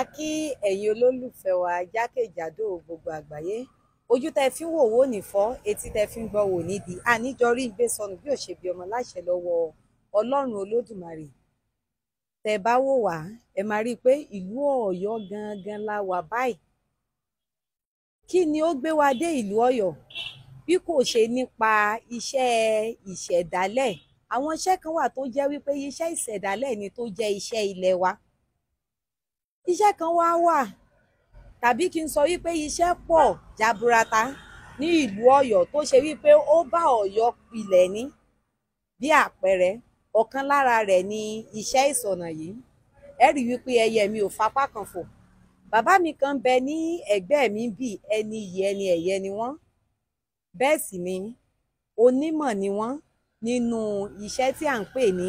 a kí ẹ̀yin olólùfẹ́ wa jákèjádò gbogbo àgbáyé ojú tẹ fi ń wò wò ní fọ́ etí tẹ fi ń gbọ́ wò nídìí àníjọrí ìgbé sọnù bí òṣèbí ọmọ láṣẹ lọ́wọ́ Ọlọ́run Olódùmarè tẹ bá wò wá ẹ máa rí i pé ìlú Ọ̀yọ́ gangan la wà báyìí kí ni ó gbé wa dé ìlú Ọ̀yọ́ bí kò ṣe nípa iṣẹ́ ìṣẹ̀dálẹ̀ àwọn iṣẹ́ kan wà tó jẹ́ wípé iṣẹ́ ìṣẹ̀dálẹ̀ ni tó jẹ́ iṣẹ́ ilé wa iṣẹ́ kan wá wà tàbí kí n sọ wípé iṣẹ́ pọ̀ jaburata ní ìlú Ọ̀yọ́ tó ṣe wípé ó bá Ọ̀yọ́ pilẹ̀ ní bí àpẹẹrẹ ọ̀kan lára rẹ̀ ni iṣẹ́ ìsọ̀nà yìí ẹ rí wípé ẹyẹ mi ò fapá kan fò bàbá mi kan bẹ ní ẹ̀gbẹ́ mi bí ẹni iyì ẹni ẹ̀yẹ ni wọ́n bẹ́ẹ̀ sì ni onímọ̀ ni wọ́n nínú iṣẹ́ tí à ń pè ní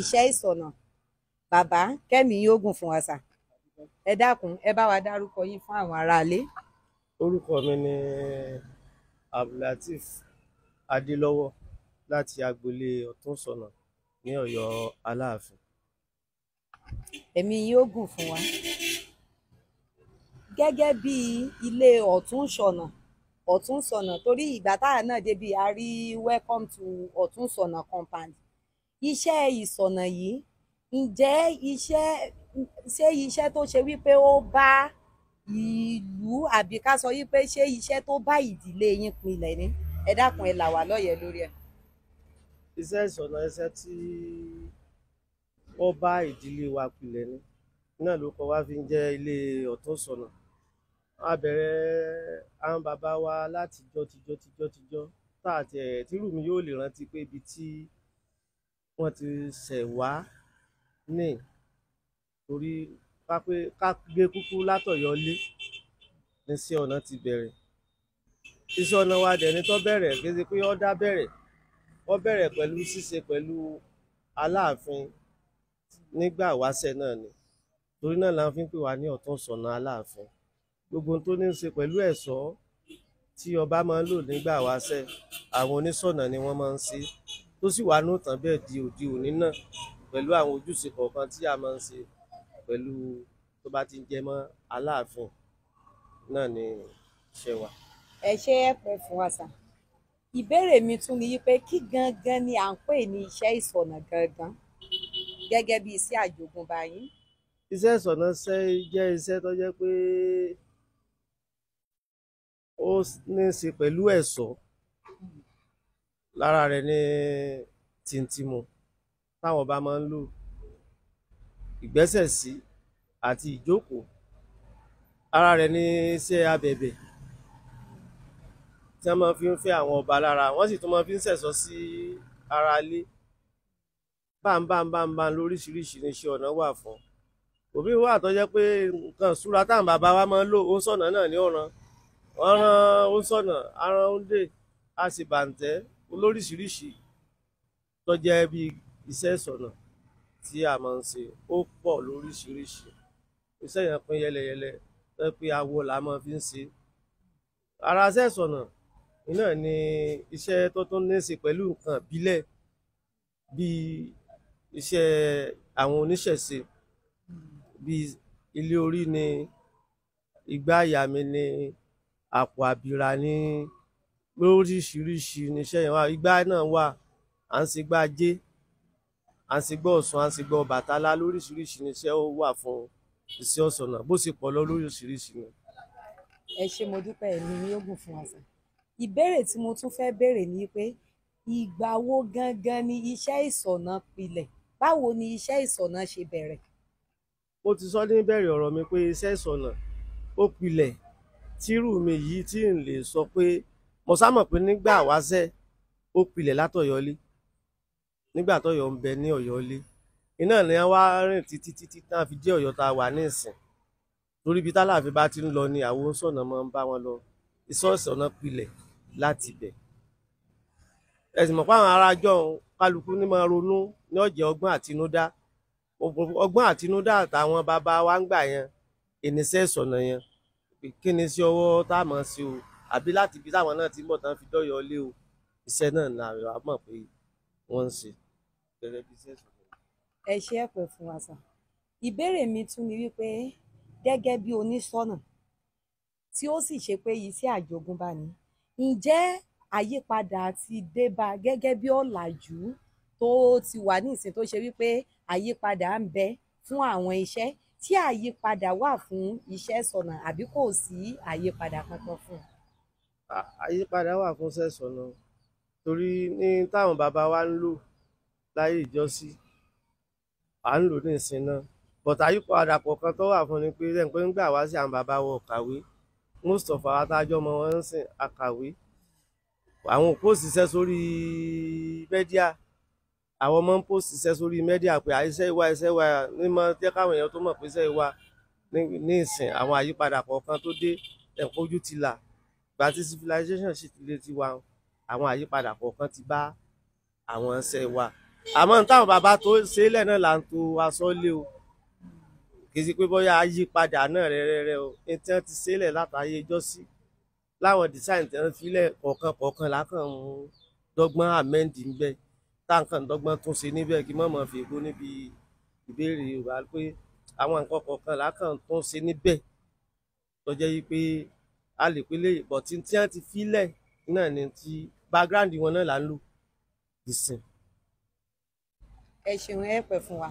iṣẹ́ ìsọ̀nà bàbá kẹ́mi yóò gùn fún wa sà ẹ dákun ẹ bá wa dárúkọ yín fún àwọn aráalé. orúkọ mi ni abdulateef adélọ́wọ́ láti agboolé ọ̀túnṣọ̀nà ní ọ̀yọ́ aláàfin. ẹ̀mí yóò gùn fún wa gẹ́gẹ́ bí ilé ọ̀túnṣọ̀nà ọ̀túnṣọ̀nà torí ìgbà táà náà débi a rí welcome to ọ̀túnṣọ̀nà compound iṣẹ́ ìsọ̀nà yìí ǹjẹ́ iṣẹ́ ṣé iṣẹ́ tó ṣe wípé ó bá ìlú àbí ká sọ wípé ṣé iṣẹ́ tó bá ìdílé yín pinlẹ̀ ni ẹ dákun ẹ là wá lóye lórí ẹ. iṣẹ́ ìṣọ̀nà iṣẹ́ tí ó bá ìdílé wa pinlẹ̀ ni náà ló kọ́ wá fi jẹ́ ilé ọ̀tún sọ̀nà a bẹ̀rẹ̀ àwọn bàbá wa látijọ́ tijọ́ tijọ́ tijọ́ tá àti ẹ̀ tírù mi yóò lè rántí pé ibi tí wọ́n ti ṣẹ̀ wá nìyí torí ká pé ká gé kúkú látọ̀yọ́lé ní sí ọ̀nà ti bẹ̀rẹ̀ iṣẹ́ ọ̀nà wa dẹ̀ ni tó bẹ̀rẹ̀ kéde pé ó dá bẹ̀rẹ̀ ó bẹ̀rẹ̀ pẹ̀lú ṣíṣe pẹ̀lú aláàfin nígbà wáṣẹ̀ náà ni torí náà la fi ń pè wá ní ọ̀tún sọ̀nà aláàfin gbogbo tó ní í ṣe pẹ̀lú ẹ̀ṣọ́ tí ọba máa ń lò nígbà wáṣẹ̀ àwọn oníṣọ̀nà ni wọ́n máa ń ṣe tó sì wà ní òtàn bẹ́ẹ̀ di òdi òní náà pẹ̀lú àwọn ojúṣe kọ̀ọ̀kan tí a máa ń ṣe pẹ̀lú tó bá ti ń jẹ mọ́ aláàfin náà ni iṣẹ́ wa. ẹ ṣe é pẹ fún wa sà ìbéèrè mi tún ni pé kí gangan ni à ń pè ní iṣẹ́ ìsọ̀nà gangan gẹ́gẹ́ bí iṣẹ́ àjogúnbá yín. iṣẹ́ ìsọ̀nà ṣe jẹ́ iṣẹ́ tó jẹ́ pé ó ní í ṣe pẹ̀lú ẹ̀ṣọ́ lára rẹ̀ ní tìǹtìmù táwọn ọba máa ń lò ìgbẹ́sẹ̀ sí àti ìjókòó ara rẹ̀ ní iṣẹ́ abẹ̀bẹ̀ tí wọ́n máa fi ń fẹ́ àwọn ọba lára wọ́n sì tún máa fi ń sẹ̀sọ́ sí ara ilé báńbáńbáńbá lóríṣiríṣi níṣẹ́ ọ̀nà wà fún òbí wà tó jẹ́ pé nǹkan ìṣúra táwọn bàbá wa máa ń lò ó sọ̀nà náà ní ọ̀ràn ọ̀ràn ó sọ̀nà ara ó ń dè a sì bàǹtẹ́ olóríṣiríṣi tó jẹ́ bí iṣẹ́ ìsọ̀nà tí a máa ń ṣe ó pọ̀ lóríṣiríṣi iṣẹ́ yẹn pín yẹlẹyẹlẹ tó pé awo la máa fi ń ṣe ara iṣẹ́ sọ̀nà iná ni iṣẹ́ tó tún ní ṣe pẹ̀lú nǹkan ìbílẹ̀ bíi iṣẹ́ àwọn oníṣẹ̀ṣe bíi ilé orí ni igbá àyà mi ni àpò àbírà ni lóríṣiríṣi níṣẹ́ yẹn wà igbá náà wà à ń ṣe igbá ajé à ń ṣègbọ́ Ọ̀ṣun à ń ṣègbọ́ Ọbàtálá lóríṣiríṣi ni iṣẹ́ ó wà fún iṣẹ́ ọ̀ṣọ́nà bó ṣe pọ̀ lọ lóríṣiríṣi ni. ẹ ṣe mo dúpẹ́ ẹ̀mí ni yóò gùn fún wa sàn ìbéèrè tí mo tún fẹ́ béèrè ni pé ìgbà wo gangan ni iṣẹ́ ìṣọ̀nà pilẹ̀ báwo ni iṣẹ́ ìṣọ̀nà ṣe bẹ̀rẹ̀. mo ti sọ ní bẹ̀rẹ̀ ọ̀rọ̀ mi pé iṣẹ́ ìṣọ̀nà ó pilẹ̀ tírù mi yìí tí n lè sọ pé mo sá mọ̀ pé nígbà wáṣẹ́ ó pilẹ̀ látọ̀yọ́lé nígbà tọ́yọ́ ń bẹ ní Ọ̀yọ́ lé iná ni wọ́n wá rìn títí títí náà fi dé Ọ̀yọ́ tá a wà ní torí ibi táláàfin bá ti ń lọ ni àwọn oníṣọ̀nà máa ń bá wọn lọ ìṣọ́ọ̀ṣì ọ̀nà pilẹ̀ láti bẹ̀ ẹ̀sìn mọ̀ fáwọn ará àjọ kálukú ní máa ronú ní ọ̀jẹ̀ ọgbọ́n àtinúdá ọgbọ́n àtinúdá àtàwọn bàbá wa ń gbà yẹn ìníṣẹ́ ìṣọ̀nà yẹn kí ni sí ọwọ́ tá a máa ṣe o àbí láti ibi táwọn náà ti ń tán fi dọ́yọ̀ o iṣẹ́ náà làwọn àmọ̀ pé wọ́n ń ṣe bẹ̀rẹ̀ business. ẹ ṣe é pẹ́ fún wa sà ìbéèrè mi tún ni wípé gẹ́gẹ́ bí oníṣọ́nà tí ó sì ṣe pé iṣẹ́ àjogúnbá ni ǹjẹ́ àyípadà ti dé bá gẹ́gẹ́ bí ọ̀làjú tó ti wà ní ìsìn tó ṣe wípé àyípadà ń bẹ fún àwọn iṣẹ́ tí àyípadà wà fún iṣẹ́ sọ̀nà àbí kò sí àyípadà kankan fún un. àyípadà wà fún iṣẹ́ sọ̀nà torí ní táwọn bàbá wa ń lò láyé ìjọsí à ń lò ní ìsìn náà bọ̀tà yípadà kọ̀ọ̀kan tó wà fún ni pé lẹ́yìn pé ń gbà wá sí àwọn bàbá wọn kàwé most of our adájọ́ ọmọ wọn ń sìn àkàwé àwọn òpó òṣìṣẹ́ sórí mẹ́díà àwọn ọmọ ń post iṣẹ́ sórí mẹ́díà pé iṣẹ́ ìwà iṣẹ́ ìwà Ni mọ jẹ́ káwọn èèyàn tó mọ̀ pé iṣẹ́ ìwà ní ìsìn àwọn àyípadà kọ̀ọ̀kan tó dé ẹ̀kọ́ ojú ti là gba ti civilization sì ti lé tiwa àwọn àyípadà kọ̀ọ̀kan ti bá àwọn iṣẹ́ ìwà àmọ́ táwọn bàbá tó ṣe lẹ̀ náà là ń to aṣọ lé o kì í ṣe pé bóyá àyípadà náà rẹ́rẹ́rẹ́ o ní tí wọ́n ti ṣe lẹ̀ látàyè ìjọ́sí láwọn design tí wọ́n fi lẹ̀ kọ̀ọ̀kan kọ̀ọ̀kan lákàn ń dọ́gbọ́n amẹ́ndì ń bẹ́ táǹkàn dọ́gbọ́n tún ṣe níbẹ̀ kí mọ̀mọ́ fi ègbó níbi ìbéèrè Yorùbá pé àwọn nǹkan kọ̀ọ̀kan lákàn tún ṣe níbẹ̀ tó jẹ́ yí pé a lè pélé ìbọ̀tí tí wọ́n ti fi náà ni ti background wọn náà là ń lò ìsìn ẹ ṣeun ẹ pẹ́ fún wa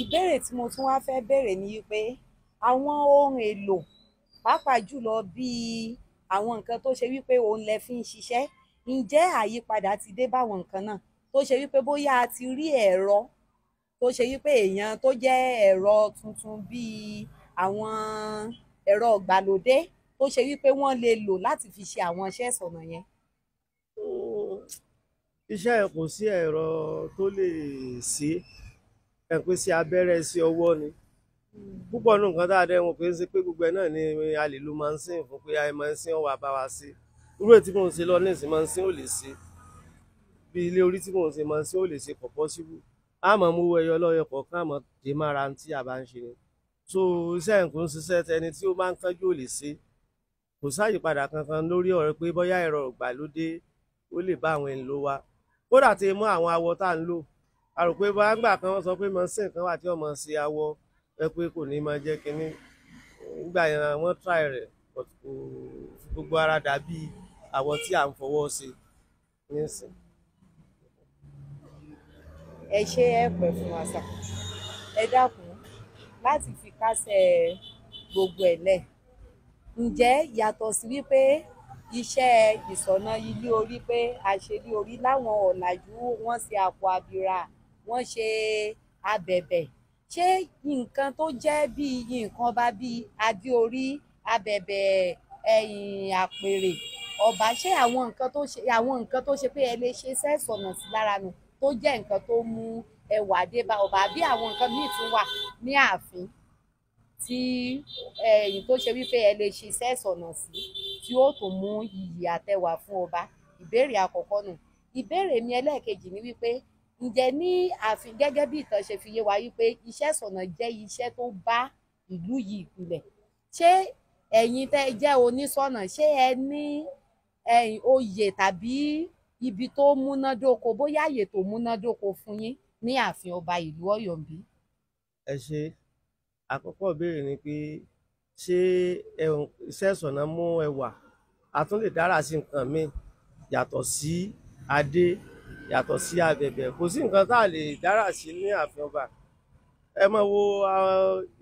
ìbéèrè tí mo tún wá fẹ́ béèrè ni wípé àwọn ohun èlò pàápàá jùlọ bíi àwọn nǹkan tó ṣe wípé òun lẹ fi ń ṣiṣẹ́ ǹjẹ́ àyípadà ti dé báwọn nǹkan náà tó ṣe wípé bóyá a ti rí ẹ̀rọ tó ṣe wípé èèyàn tó jẹ́ ẹ̀rọ tuntun bíi àwọn ẹ̀rọ ìgbàlódé tó ṣe wípé wọ́n lè lò láti fi ṣe àwọn iṣẹ́ ìsọ̀nà yẹn iṣẹ́ yẹn kò sí ẹ̀rọ tó lè ṣe é ẹ̀ pé sí abẹ́rẹ́ sí ọwọ́ ni púpọ̀ nù nǹkan tá a dẹ́wọ̀n pé ń ṣe pé gbogbo ẹ̀ náà ni a lè lo mansin fún pé ayé mansin ọ̀wà bá wa ṣe irú èyí tí mò ń ṣe lọ ní ìsìn mansin ò lè ṣe bí ilé orí tí mò ń ṣe mansin ò lè ṣe kọ̀ pọ́síbù àmọ́ mo wọ ẹyọ lọ́yọ̀ kọ̀ọ̀kan àmọ́ dè mára tí a bá ń ṣe ni so iṣẹ́ nǹkan ṣiṣẹ́ tẹni tí ó máa ń kánjú ò lè ṣe kò sáàyè padà kankan lórí ọ̀rọ̀ pé bóyá ẹ̀rọ ìgbàlódé ó lè bá àwọn ènìyàn wa kódà ti mú àwọn awọ tá à ń lò a rò pé bóyá ńgbà kan wọ́n sọ pé mọ̀ sí nǹkan wà tí ọmọ sí awọ ẹ pé kò ní máa jẹ́ kínní nígbà yẹn wọ́n try rẹ̀ gbogbo ara dàbí awọ tí à ń fọwọ́ ṣe nísìn. ẹ ṣe ẹ pẹ fún wa sá ẹ dákun láti fi kásẹ̀ gbogbo ẹ̀ lẹ̀ ǹjẹ́ yàtọ̀ sí wípé iṣẹ́ ìsọ̀nà ilé orí pé àṣírí orí láwọn ọ̀làjú wọ́n ṣe àpò àbírà wọ́n ṣe abẹ̀bẹ̀ ṣé nǹkan tó jẹ́ bíi nǹkan bá bíi adé orí abẹ̀bẹ̀ ẹ̀yìn àpèrè ọ̀bà ṣé àwọn nǹkan tó ṣe àwọn nǹkan tó ṣe pé ẹ lè ṣe sẹ́sọ̀nà sí lára nù tó jẹ́ nǹkan tó mú ẹwà dé bá ọba bí àwọn nǹkan míì tún wà ní ààfin tí ẹ̀yìn tó ṣe wípé ẹ lè ṣe sẹ́sọ̀nà sí tí ó tó mú iyì àtẹwà fún ọba ìbéèrè àkọ́kọ́ nù ìbéèrè mi ẹlẹ́ẹ̀kejì ni wípé ǹjẹ́ ní àfi gẹ́gẹ́ bí ìtàn ṣe fi yé wa wípé iṣẹ́ sọ̀nà jẹ́ iṣẹ́ tó bá ìlú yìí ìpìlẹ̀ ṣé ẹ̀yin tẹ́ jẹ́ onísọ̀nà ṣé ẹ ní oyè tàbí ibi tó múnádóko bóyá àyè tó múnádóko fún yín ní ààfin ọba ìlú Ọ̀yọ́ bí. ẹ ṣe àkọ́kọ́ béèrè ni pé. Pe ṣé iṣẹ́ ìṣọ̀nà mú ẹwà a tún lè dára sí nǹkan míì yàtọ̀ sí adé yàtọ̀ sí abẹ̀bẹ̀ kò sí nǹkan tá a lè dára sí ní ààfin ẹ máa wo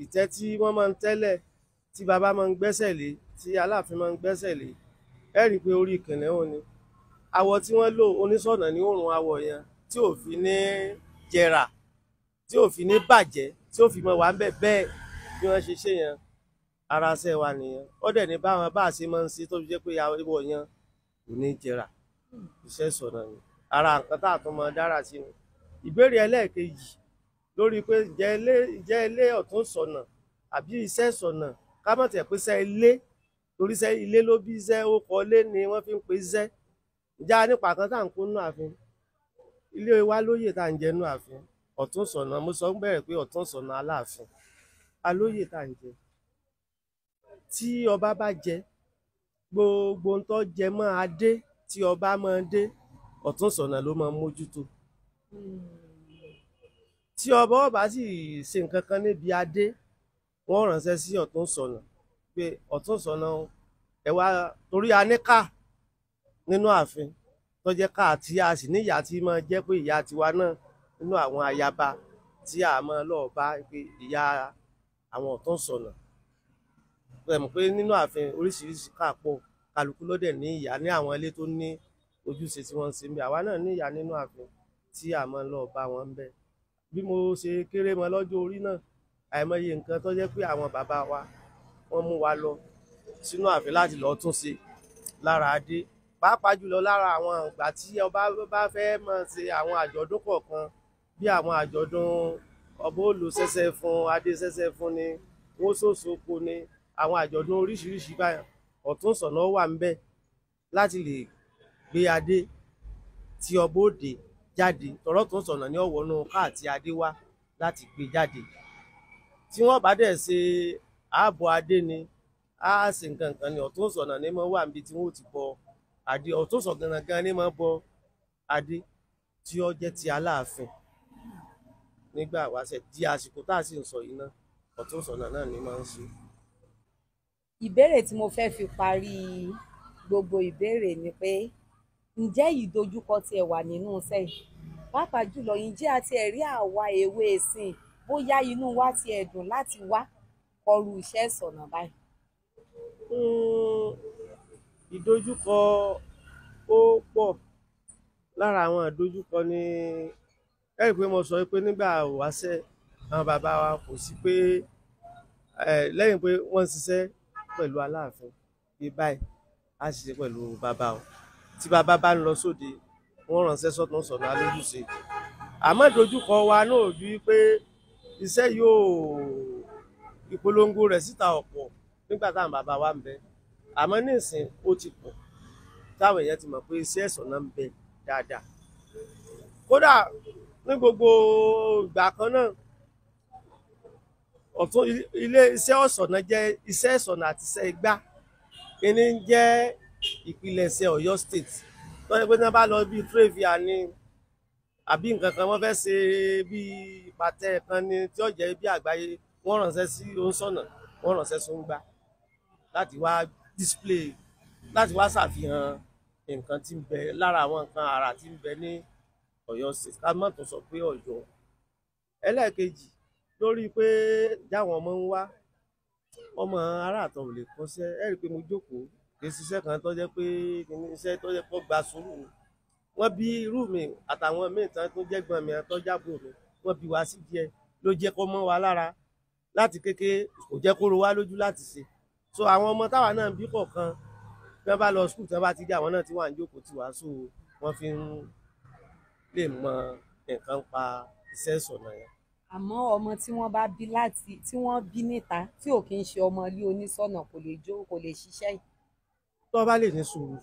ìtẹ́ tí wọ́n máa ń tẹ́lẹ̀ tí baba máa ń gbẹ́sẹ̀ lé tí aláàfin máa ń gbẹ́sẹ̀ lé ẹ rí i pé orí ìkànnì òun ni awọ tí wọ́n lò oníṣọ̀nà ní òórùn awọ yẹn tí ò fi ní jẹrà tí ò fi ní bàjẹ́ tí ò fi mọ wà ń bẹ̀ bẹ́ẹ̀ bí wọ́n ṣe ṣe yẹn ara ṣe wa nìyẹn ó dẹ̀ ní báwọn bá a ṣe tó fi jẹ́ pé ìwọ yẹn kò ní jẹrà iṣẹ́ sọ̀nà ni ara nǹkan tá a tún dára sí ni ìbéèrè ẹlẹ́ẹ̀kejì lórí pé jẹ́ ilé ọ̀tún sọ̀nà àbí iṣẹ́ sọ̀nà ká má ilé torí iṣẹ́ ilé ló bí iṣẹ́ ó ni wọ́n fi pe iṣẹ́ ìjà nípa kan tá à ń ilé wa lóyè tá à ń tí ọba bá jẹ gbogbo ń tó jẹ mọ́ adé tí ọba máa dé ọ̀tún sọ̀nà ló máa mójútó tí ọba ọba sì ṣe nǹkan kan níbi adé wọ́n ránṣẹ́ sí ọ̀tún sọ̀nà pé ọ̀tún sọ̀nà ẹwà torí aníkà nínú ààfin tó jẹ́ ká àti a sì níyà tí máa jẹ́ pé ìyá tiwa náà nínú àwọn ayaba tí a máa lọ bá pé ìyá àwọn ọ̀tún sọ̀nà rẹ̀ mọ̀ pé nínú ààfin oríṣiríṣi káàpọ̀ kálukú ló dẹ̀ ní ìyá ní àwọn ilé tó ní ojúṣe tí wọ́n ń ṣe ń bẹ àwa náà ní ìyá nínú ààfin tí a máa ń lọ bá wọn ń bí mo ṣe kéré mọ lọ́jọ́ orí náà àìmọye nǹkan tó jẹ́ pé àwọn bàbá wa wọ́n mú wa lọ sínú ààfin láti lọ tún ṣe lára adé pàápàá jùlọ lára àwọn àgbà tí ọba bá fẹ́ máa ṣe àwọn àjọ̀dún kọ̀ọ̀kan bí àwọn àjọ̀dún ọba òòlù ṣẹ̀ṣẹ̀ fún adé ṣẹ̀ṣẹ̀ fún ni wọ́n ṣòṣòkò ni àwọn àjọ̀dún oríṣiríṣi báyọ̀ ọ̀tún sọ̀nà wà ń bẹ̀ láti lè gbé adé tí ọba òde jáde tọ̀rọ̀ tó ń sọ̀nà ní ọ̀wọ́nú káà tí adé wá láti gbé jáde tí wọ́n bá dẹ̀ ṣe ààbọ̀ adé ni á ṣe nǹkan kan ni ọ̀tún sọ̀nà ni mo wà níbi tí wọ́n ti bọ adé ọ̀tún sọ̀nà gan ni mo bọ adé tí ó jẹ́ ti aláàfin nígbà wáṣẹ̀ di àsìkò tá a sì ń sọ yìí náà ọ̀tún sọ̀nà náà ni máa ń ṣe ìbéèrè tí mo fẹ́ẹ́ fi parí gbogbo ìbéèrè ni pé ǹjẹ́ ìdojúkọ tiẹ̀ wà nínú iṣẹ́ yìí pàápàá jùlọ ǹjẹ́ àti ẹ̀rí àwa èwe ìsìn bóyá inú wa ti ẹ̀dùn láti wá kọrú iṣẹ́ ìsọ̀nà báyìí. Hmm, ìdojúkọ ó pọ̀ lára àwọn ìdojúkọ ni ẹ rí i pé mo sọ pé nígbà wáṣẹ́ àwọn bàbá wa kò sí pé lẹ́yìn pé wọ́n ṣiṣẹ́ pẹ̀lú aláàfin pé báyìí á ṣe pẹ̀lú bàbá o tí bàbá bá ń lọ sóde wọ́n ránṣẹ́ sọ́tún sọ̀nà alójúṣe àmọ́ ìdojúkọ wa náà ju pé iṣẹ́ yóò ìpolongo rẹ̀ síta ọ̀pọ̀ nígbà táwọn bàbá wa ń bẹ àmọ́ nísìn ó ti pọ̀ táwọn èèyàn ti mọ̀ pé iṣẹ́ ẹ̀sán náà ń bẹ dáadáa kódà ní gbogbo ìgbà kan náà ọ̀tún ilé iṣẹ́ ọ̀ṣọ̀nà jẹ́ iṣẹ́ ìṣọ̀nà àti iṣẹ́ igbá kíní jẹ́ ìpilẹ̀ṣẹ̀ Ọ̀yọ́ state tọ́jú pé tí wọ́n bá lọ bíi trevia ni àbí nǹkan kan wọ́n fẹ́ ṣe bíi pàtẹ kan ni tí ó jẹ́ bí àgbáyé wọ́n ránṣẹ́ sí oúnṣọ̀nà wọ́n ránṣẹ́ sí oúngbà láti wá display láti wá ṣàfihàn nǹkan tí ń bẹ lára àwọn nǹkan àrà tí ń bẹ ní Ọ̀yọ́ state ká má tó sọ pé Ọ̀yọ́ ẹlẹ́ẹ̀kejì lórí pé jáwọn ọmọ ń wá ọmọ aráàtọ̀ ò lè kọ́ṣẹ́ ẹ rí i pé mo jókòó kì í ṣiṣẹ́ kan tó jẹ́ pé iṣẹ́ tó jẹ́ pọ́ gba sùúrù wọ́n bí irú mi àtàwọn míì tán tó jẹ́ gbọ́n mi tó jábò mi wọ́n bí wá sí díẹ̀ ló jẹ́ kó mọ́ wa lára láti kékeré kò jẹ́ kó ro wá lójú láti ṣe so àwọn ọmọ táwa náà bí kọ̀ọ̀kan bí wọ́n bá lọ skul tí wọ́n bá ti dé àwọn náà ti wà ń jókòó ti wá so wọ́n fi ń lè mọ nǹkan pa iṣẹ́ sọ̀nà yẹn àmọ́ ọmọ tí wọ́n bá bí láti tí wọ́n bí níta tí ò kí ń ṣe ọmọ ilé oníṣọ̀nà kò lè jó kò lè ṣiṣẹ́ yìí. tó bá lè ní sùúrù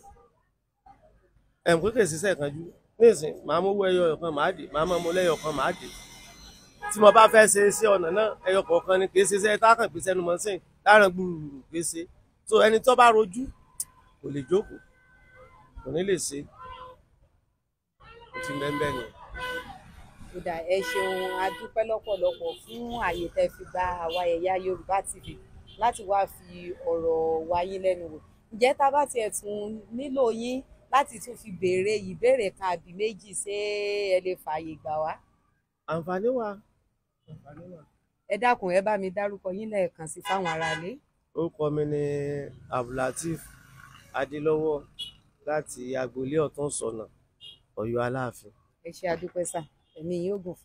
ẹ̀m pé kèsì sẹ́ẹ̀ kan jú nísìn màá mú owó ẹyọ kan màá dé màá mọ́ mo lẹ́yọ kan màá dé tí mo bá fẹ́ ṣe iṣẹ́ ọ̀nà náà ẹyọ kọ̀ọ̀kan ni kèsì sẹ́ẹ̀ tákàn pèsè ẹnu mọ́ sìn láàrín gbùrùrù kèsì tó ẹni tó bá rojú kò lè jókòó kò ní lè ṣe kò ti bẹ́ẹ̀ bẹ́ẹ̀ kódà ẹ ṣeun a dúpẹ́ lọ́pọ̀lọpọ̀ fún àyè tẹ́ fi gba àwa ẹ̀yà Yorùbá TV láti wá fi ọ̀rọ̀ wa yín lẹ́nu wò ǹjẹ́ tá a bá tiẹ̀ tún nílò yín láti tún fi béèrè ìbéèrè kan àbí méjì ṣé ẹ lè fààyè gbà wá. àǹfààní wa àǹfààní wa. ẹ dákun ẹ bá mi dárúkọ yín lẹ́ẹ̀kan sí fáwọn aráalé. orúkọ mi ni abdulateef adélọ́wọ́ láti agboolé ọ̀tún sọ̀nà ọ̀yọ́ aláàfin. ẹ ṣe àdúpẹ́ sáà. 人民有不服。